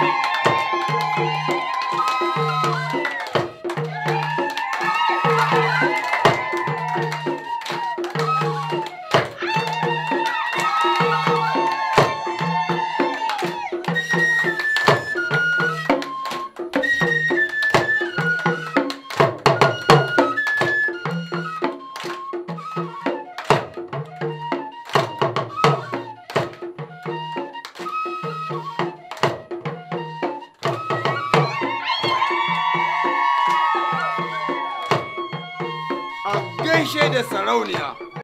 Thank you. a gaishe da sarauniya.